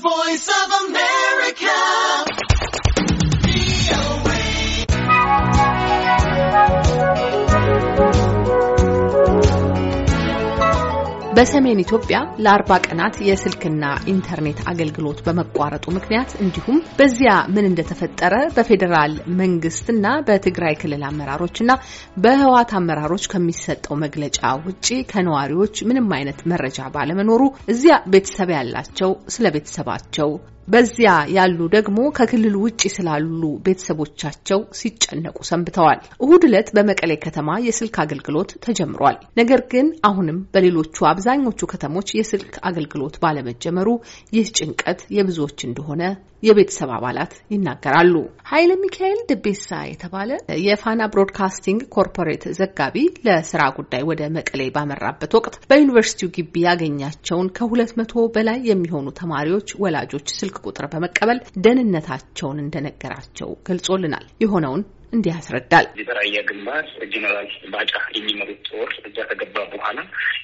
voice of America. በሰሜን ኢትዮጵያ ለአርባ ቀናት የስልክና ኢንተርኔት አገልግሎት በመቋረጡ ምክንያት እንዲሁም በዚያ ምን እንደተፈጠረ በፌዴራል መንግስትና በትግራይ ክልል አመራሮችና በህወሓት አመራሮች ከሚሰጠው መግለጫ ውጪ ከነዋሪዎች ምንም አይነት መረጃ ባለመኖሩ እዚያ ቤተሰብ ያላቸው ስለ ቤተሰባቸው በዚያ ያሉ ደግሞ ከክልል ውጭ ስላሉ ቤተሰቦቻቸው ሲጨነቁ ሰንብተዋል። እሁድ ዕለት በመቀሌ ከተማ የስልክ አገልግሎት ተጀምሯል። ነገር ግን አሁንም በሌሎቹ አብዛኞቹ ከተሞች የስልክ አገልግሎት ባለመጀመሩ ይህ ጭንቀት የብዙዎች እንደሆነ የቤተሰብ አባላት ይናገራሉ። ኃይለ ሚካኤል ድቤሳ የተባለ የፋና ብሮድካስቲንግ ኮርፖሬት ዘጋቢ ለስራ ጉዳይ ወደ መቀሌ ባመራበት ወቅት በዩኒቨርሲቲው ግቢ ያገኛቸውን ከሁለት መቶ በላይ የሚሆኑ ተማሪዎች ወላጆች ስልክ ቁጥር በመቀበል ደህንነታቸውን እንደነገራቸው ገልጾልናል። የሆነውን እንዲህ ያስረዳል። የራያ ግንባር ጀነራል ባጫ የሚመሩት ጦር እዛ ከገባ በኋላ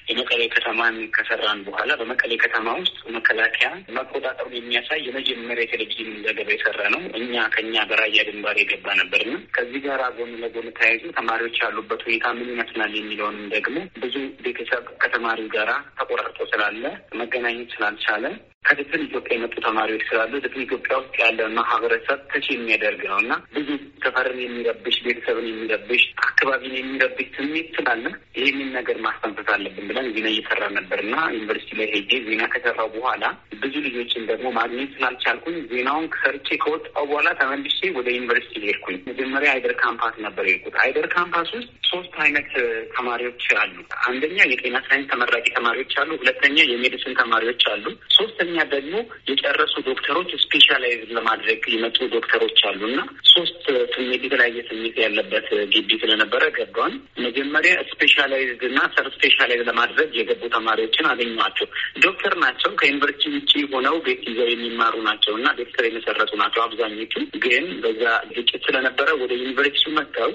የመቀሌ ከተማን ከሰራን በኋላ በመቀሌ ከተማ ውስጥ መከላከያ መቆጣጠሩን የሚያሳይ የመጀመሪያ የቴሌቪዥን ዘገባ የሰራ ነው። እኛ ከኛ በራያ ግንባር የገባ ነበርና ከዚህ ጋር ጎን ለጎን ተያይዞ ተማሪዎች ያሉበት ሁኔታ ምን ይመስላል የሚለውንም ደግሞ ብዙ ቤተሰብ ከተማሪው ጋራ ተቆራርጦ ስላለ መገናኘት ስላልቻለ ከድፍን ኢትዮጵያ የመጡ ተማሪዎች ስላሉ ድፍን ኢትዮጵያ ውስጥ ያለ ማህበረሰብ ተች የሚያደርግ ነው እና ብዙ ሰፈርን የሚረብሽ ቤተሰብን የሚረብሽ አካባቢን የሚረብሽ ስሜት ስላለ ይህንን ነገር ማስተንፈስ አለብን ብለን ዜና እየሰራ ነበር እና ዩኒቨርሲቲ ላይ ሄጄ ዜና ከሰራው በኋላ ብዙ ልጆችን ደግሞ ማግኘት ስላልቻልኩኝ ዜናውን ሰርቼ ከወጣው በኋላ ተመልሼ ወደ ዩኒቨርሲቲ ሄድኩኝ። መጀመሪያ አይደር ካምፓስ ነበር የሄድኩት። አይደር ካምፓስ ውስጥ ሶስት አይነት ተማሪዎች አሉ። አንደኛ የጤና ሳይንስ ተመራቂ ተማሪዎች አሉ። ሁለተኛ የሜዲሲን ተማሪዎች አሉ። ሶስተኛ ሁለተኛ ደግሞ የጨረሱ ዶክተሮች ስፔሻላይዝ ለማድረግ የመጡ ዶክተሮች አሉና ሶስት ስሜት የተለያየ ስሜት ያለበት ግቢ ስለነበረ ገባን። መጀመሪያ ስፔሻላይዝድ እና ሰር ስፔሻላይዝ ለማድረግ የገቡ ተማሪዎችን አገኘኋቸው። ዶክተር ናቸው ከዩኒቨርሲቲ ውጭ ሆነው ቤት ይዘው የሚማሩ ናቸው እና ዶክተር የመሰረቱ ናቸው አብዛኞቹ። ግን በዛ ግጭት ስለነበረ ወደ ዩኒቨርሲቲ መጥተው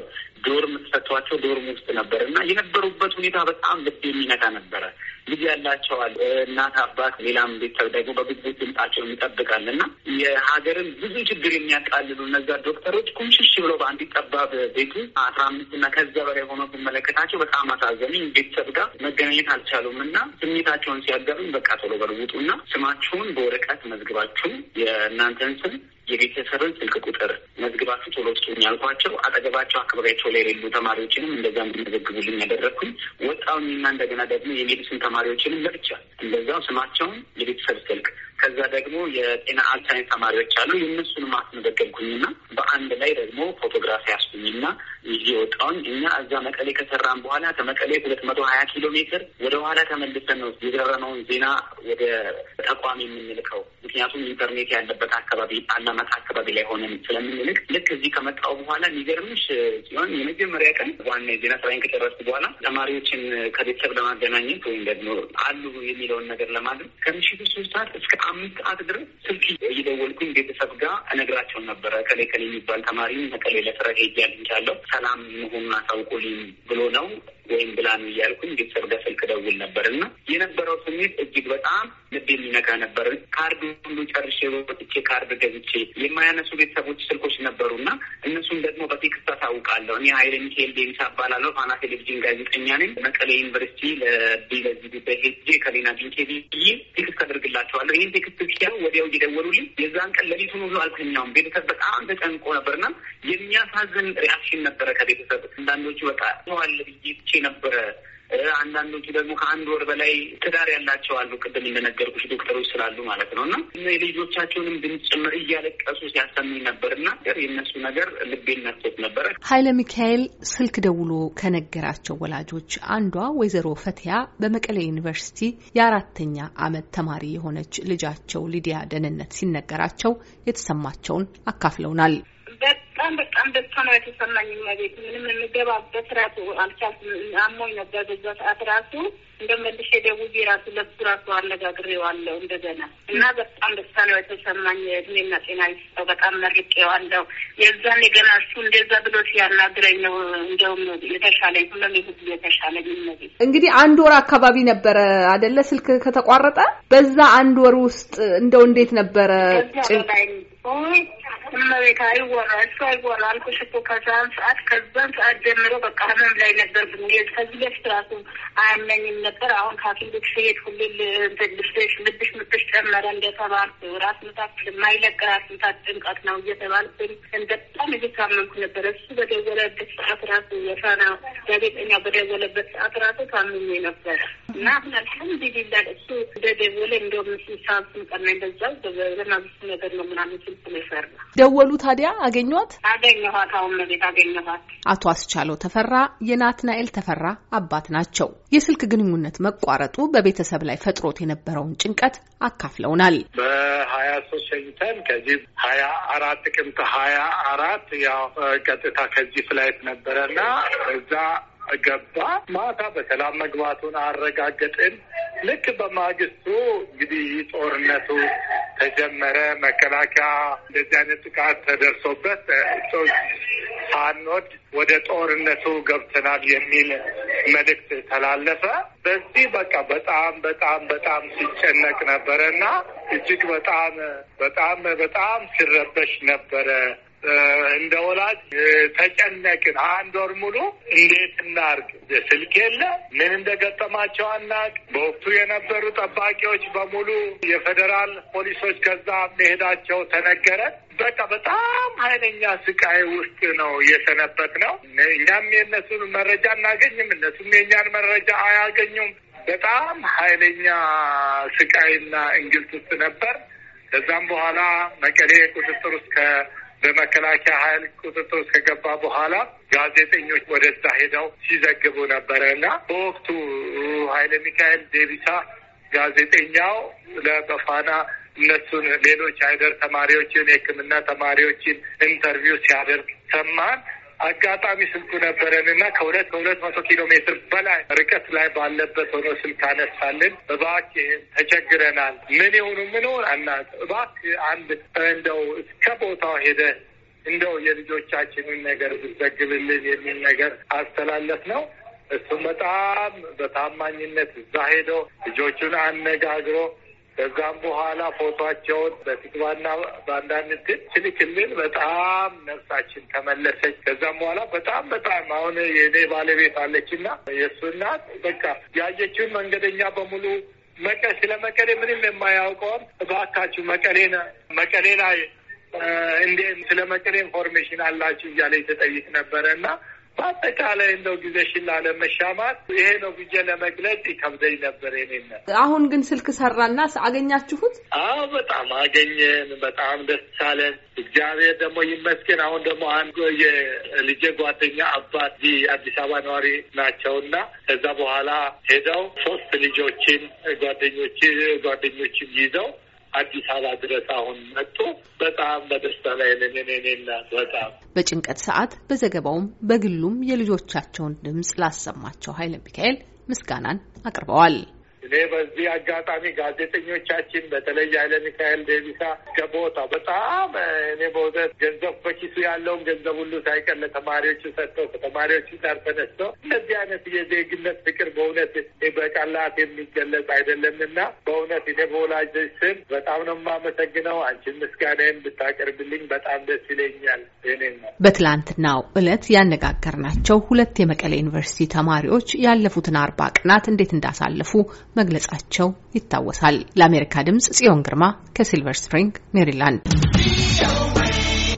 ዶርም ተሰጥቷቸው ዶርም ውስጥ ነበር እና የነበሩበት ሁኔታ በጣም ልብ የሚነካ ነበረ። ልጅ ያላቸዋል እናት አባት፣ ሌላም ቤተሰብ ደግሞ በጉጉት ድምጣቸውን ይጠብቃል እና የሀገርን ብዙ ችግር የሚያቃልሉ እነዛ ዶክተሮች ኩምሽሽ ብሎ በአንዲት ጠባብ ቤቱ አስራ አምስት እና ከዛ በላይ ሆኖ ስመለከታቸው በጣም አሳዘነኝ። ቤተሰብ ጋር መገናኘት አልቻሉም እና ስሜታቸውን ሲያገሩኝ በቃ ቶሎ በልውጡ እና ስማችሁን በወረቀት መዝግባችሁ የእናንተን ስም የቤተሰብን ስልክ ቁጥር መዝግባችሁ ቶሎ ስጡኝ ያልኳቸው አጠገባቸው አካባቢያቸው ላይ የሌሉ ተማሪዎችንም እንደዛ እንዲመዘግቡልኝ ያደረግኩኝ ወጣውኝና እንደገና ደግሞ የሜዲሲን ተማሪዎችንም ለብቻ እንደዛው ስማቸውን የቤተሰብ ስልክ ከዛ ደግሞ የጤና አል ተማሪዎች አሉ። የእነሱንም ና በአንድ ላይ ደግሞ ፎቶግራፊ ያስኩኝና ይዤ ወጣውን እኛ እዛ መቀሌ ከሰራን በኋላ ከመቀሌ ሁለት መቶ ሀያ ኪሎ ሜትር ወደ ኋላ ተመልሰን ነው የደረመውን ዜና ወደ ተቋም የምንልከው። ምክንያቱም ኢንተርኔት ያለበት አካባቢ አላማት አካባቢ ላይ ሆነን ስለምንልክ ልክ እዚህ ከመጣው በኋላ የሚገርምሽ ሲሆን የመጀመሪያ ቀን ዋና የዜና ስራዬን ከጨረስኩ በኋላ ተማሪዎችን ከቤተሰብ ለማገናኘት ወይም ደግሞ አሉ የሚለውን ነገር ለማድረግ ከምሽቱ ሶስት ሰዓት እስከ አምስት ሰዓት ድረስ ስልክ እየደወልኩኝ ቤተሰብ ጋር እነግራቸውን ነበረ። ከሌ ከሌ የሚባል ተማሪ መቀሌ ለስራ ሄጄ አግኝቻለሁ ሰላም መሆኑን አሳውቁልኝ ብሎ ነው ወይም ብላኑ እያልኩኝ ግጽር በስልክ ደውል ነበር እና የነበረው ስሜት እጅግ በጣም ልብ የሚነካ ነበር። ካርድ ሁሉ ጨርሼ ወጥቼ ካርድ ገዝቼ የማያነሱ ቤተሰቦች ስልኮች ነበሩ እና እነሱም ደግሞ በቴክስት አሳውቃለሁ። እኔ ሀይለ ሚካኤል ዴንሳ እባላለሁ። ፋና ቴሌቪዥን ጋዜጠኛ ነኝ። መቀሌ ዩኒቨርሲቲ ለዚህ ጉዳይ ሄጄ ከሌና አግኝቼ ብዬ ቴክስት አድርግላቸዋለሁ። ይህን ቴክስት ሲያ ወዲያው እየደወሉልኝ የዛን ቀን ሌሊቱን ሁሉ አልተኛውም። ቤተሰብ በጣም ተጨንቆ ነበርና የሚያሳዝን ሪያክሽን ነበረ ከቤተሰብ አንዳንዶቹ በቃ ዋለ ብዬ ብቼ ነበረ። አንዳንዶቹ ደግሞ ከአንድ ወር በላይ ትዳር ያላቸው አሉ። ቅድም እንደነገርኩሽ ዶክተሮች ስላሉ ማለት ነው እና የልጆቻቸውንም ድምፅ ጭምር እያለቀሱ ሲያሰሙኝ ነበር እና የእነሱ ነገር ልቤን ነርቶት ነበረ። ኃይለ ሚካኤል ስልክ ደውሎ ከነገራቸው ወላጆች አንዷ ወይዘሮ ፈትያ በመቀሌ ዩኒቨርሲቲ የአራተኛ ዓመት ተማሪ የሆነች ልጃቸው ሊዲያ ደህንነት ሲነገራቸው የተሰማቸውን አካፍለውናል። ነው የተሰማኝ። እመቤት ምንም የምገባበት ራሱ አልቻልኩም። አሞኝ ነበር በዛ ሰዓት ራሱ እንደመልሼ ደውዬ ራሱ ለብሱ ራሱ አነጋግሬዋለሁ እንደገና እና በጣም ደስታ ነው የተሰማኝ። እድሜና ጤና ይስጠው። በጣም መርቄዋለሁ። የዛን የገና እሱ እንደዛ ብሎ ሲያናግረኝ ነው እንደውም የተሻለኝ ሁሉም የህዝብ የተሻለኝ እነዚህ እንግዲህ አንድ ወር አካባቢ ነበረ አደለ ስልክ ከተቋረጠ በዛ አንድ ወር ውስጥ እንደው እንዴት ነበረ እመቤት አይወራ እሱ አይወራ አልኩሽ እኮ ከዛን ሰዓት ከዛን ሰዓት ጀምሮ በቃ ህመም ላይ ነበር። ብ ከዚህ በፊት ራሱ አያመኝም ነበር። አሁን ሐኪም ቤት ስሄድ ሁሌ ልብሽ ልብሽ ምብሽ ጨመረ እንደተባልኩ ራስ ምታት የማይለቅ ራስ ምታት ጭንቀት ነው እየተባልኩኝ በጣም እየታመምኩ ነበር። እሱ በደወለበት ሰዓት ራሱ የፋና ጋዜጠኛ በደወለበት ሰዓት ራሱ ታምሜ ነበር እና አሁን አልሐምዱሊላህ እሱ እንደደወለ እንደውም ስልሳን ስንቀና እንደዛው በዘናብሱ ነገር ነው ምናምን ስልክ ነው የፈራ ደወሉ። ታዲያ አገኘኋት አገኘኋት አሁን መቤት አገኘኋት። አቶ አስቻለው ተፈራ የናትናኤል ተፈራ አባት ናቸው። የስልክ ግንኙነት ግንኙነት መቋረጡ በቤተሰብ ላይ ፈጥሮት የነበረውን ጭንቀት አካፍለውናል። በሀያ ሶስት ሸኝተን ከዚህ ሀያ አራት ጥቅምት ሀያ አራት ያው ቀጥታ ከዚህ ፍላይት ነበረና እዛ ገባ። ማታ በሰላም መግባቱን አረጋገጥን። ልክ በማግስቱ እንግዲህ ጦርነቱ ተጀመረ። መከላከያ እንደዚህ አይነት ጥቃት ተደርሶበት ሳንወድ ወደ ጦርነቱ ገብተናል የሚል መልእክት ተላለፈ። በዚህ በቃ በጣም በጣም በጣም ሲጨነቅ ነበረ እና እጅግ በጣም በጣም በጣም ሲረበሽ ነበረ። እንደ ወላጅ ተጨነቅን። አንድ ወር ሙሉ እንዴት እናርግ? ስልክ የለ፣ ምን እንደገጠማቸው አናቅ። በወቅቱ የነበሩ ጠባቂዎች በሙሉ የፌዴራል ፖሊሶች ከዛ መሄዳቸው ተነገረን። በቃ በጣም ኃይለኛ ስቃይ ውስጥ ነው የሰነበት ነው። እኛም የእነሱን መረጃ እናገኝም፣ እነሱም የእኛን መረጃ አያገኙም። በጣም ኃይለኛ ስቃይና እንግልት ውስጥ ነበር። ከዛም በኋላ መቀሌ ቁጥጥር ውስጥ በመከላከያ ኃይል ቁጥጥር ውስጥ ከገባ በኋላ ጋዜጠኞች ወደዛ ሄደው ሲዘግቡ ነበረ እና በወቅቱ ኃይለ ሚካኤል ዴቢሳ ጋዜጠኛው ለበፋና እነሱን ሌሎች አይደር ተማሪዎችን የሕክምና ተማሪዎችን ኢንተርቪው ሲያደርግ ሰማን። አጋጣሚ ስልኩ ነበረን እና ከሁለት ከሁለት መቶ ኪሎ ሜትር በላይ ርቀት ላይ ባለበት ሆኖ ስልክ አነሳልን። እባክህ ተቸግረናል፣ ምን ይሁኑ ምን ሆን አናት እባክህ አንድ እንደው እስከ ቦታው ሄደ እንደው የልጆቻችንን ነገር ብዘግብልን የሚል ነገር አስተላለፍ ነው። እሱም በጣም በታማኝነት እዛ ሄዶ ልጆቹን አነጋግሮ ከዛም በኋላ ፎቶቸውን በትግባና በአንዳንድ እንትን ስልክልን በጣም ነፍሳችን ተመለሰች። ከዛም በኋላ በጣም በጣም አሁን የእኔ ባለቤት አለችና የእሱ እናት በቃ ያየችውን መንገደኛ በሙሉ መቀ ስለ መቀሌ ምንም የማያውቀውም እባካችሁ መቀሌን መቀሌ ላይ እንዴ ስለ መቀሌ ኢንፎርሜሽን አላችሁ እያለ የተጠይቅ ነበረ እና በአጠቃላይ እንደው ጊዜሽን ላለመሻማት ይሄ ነው ብዬ ለመግለጽ ይከብደኝ ነበር። የኔነት አሁን ግን ስልክ ሰራና አገኛችሁት? አዎ በጣም አገኘን። በጣም ደስ አለን። እግዚአብሔር ደግሞ ይመስገን። አሁን ደግሞ አንዱ የልጄ ጓደኛ አባት አዲስ አበባ ነዋሪ ናቸው ናቸውና ከዛ በኋላ ሄደው ሶስት ልጆችን ጓደኞች ጓደኞችን ይዘው አዲስ አበባ ድረስ አሁን መጥቶ በጣም በደስታ ላይ ነኔኔና በጣም በጭንቀት ሰዓት በዘገባውም በግሉም የልጆቻቸውን ድምፅ ላሰማቸው ኃይለ ሚካኤል ምስጋናን አቅርበዋል። እኔ በዚህ አጋጣሚ ጋዜጠኞቻችን በተለይ ኃይለ ሚካኤል ዴቢሳ ከቦታ በጣም እኔ በውዘት ገንዘብ በኪሱ ያለውን ገንዘብ ሁሉ ሳይቀር ለተማሪዎቹ ሰጥተው ከተማሪዎቹ ጋር ተነስተው እነዚህ አይነት የዜግነት ፍቅር በእውነት በቃላት የሚገለጽ አይደለም እና በእውነት እኔ በወላጅ ስም በጣም ነው የማመሰግነው። አንቺን ምስጋናዬን ብታቀርብልኝ በጣም ደስ ይለኛል። ኔ በትላንትናው እለት ያነጋገርናቸው ሁለት የመቀሌ ዩኒቨርሲቲ ተማሪዎች ያለፉትን አርባ ቀናት እንዴት እንዳሳለፉ መግለጻቸው ይታወሳል። ለአሜሪካ ድምጽ ጽዮን ግርማ ከሲልቨር ስፕሪንግ ሜሪላንድ